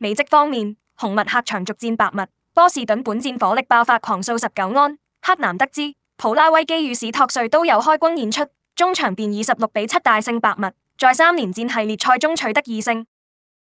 美職方面，紅襪客場逐戰白襪，波士頓本戰火力爆發，狂掃十九安。赫南德茲、普拉威基與史托瑞都有開轟演出，中場便以十六比七大勝白襪，在三連戰系列賽中取得二勝。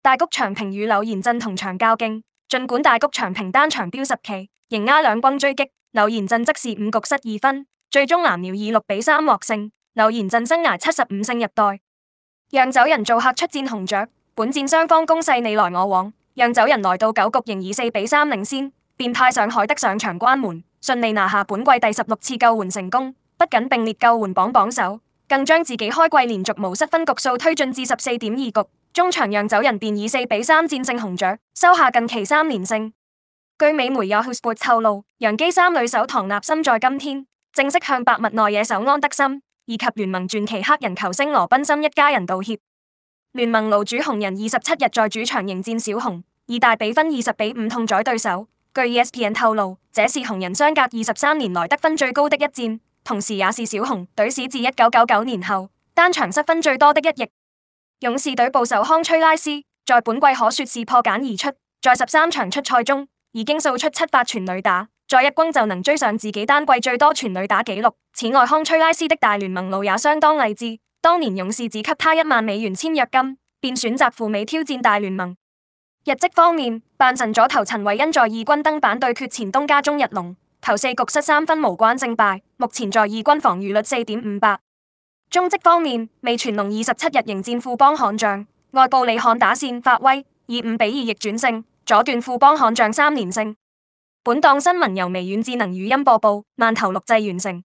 大谷翔平與柳賢振同場較勁，盡管大谷翔平單場飆十 K，仍挨兩轟追擊，柳賢振則是五局失二分，最終藍鳥以六比三獲勝，柳賢振生涯七十五勝入袋。釀酒人做客出戰紅雀，本戰雙方攻勢你來我往。讓走人來到九局仍以四比三領先，變態上海德上場關門，順利拿下本季第十六次救援成功，不僅並列救援榜榜首，更將自己開季連續無失分局數推進至十四點二局。中場讓走人便以四比三戰勝紅雀，收下近期三連勝。據美媒有 HoopSpot 透露，揚基三壘手唐納森在今天正式向白襪內野手安德森以及聯盟傳奇黑人球星羅賓森一家人道歉。聯盟爐主紅人二十七日在主場迎戰小紅，以大比分二十比五痛宰對手。據 ESPN 透露，這是紅人相隔二十三年來得分最高的一戰，同時也是小紅隊史自一九九九年後單場失分最多的一役。勇士隊捕手康崔拉斯，在本季可說是破繭而出，在十三場出賽中，已經掃出七發全壘打，再一攻就能追上自己單季最多全壘打紀錄。此外，康崔拉斯的大聯盟路也相當勵志。當年勇士只給他一萬美元簽約金，便選擇赴美挑戰大聯盟。日職方面，半神左投陳偉殷在二軍登板對決前東家中日龍，投四局失三分，無關勝敗。目前在二軍防禦率四點五八。中職方面，味全龍二十七日迎戰富邦悍將，外布李漢打線發威，以五比二逆轉勝，阻斷富邦悍將三連勝。本檔新聞由微軟智能語音播報，慢投錄製完成。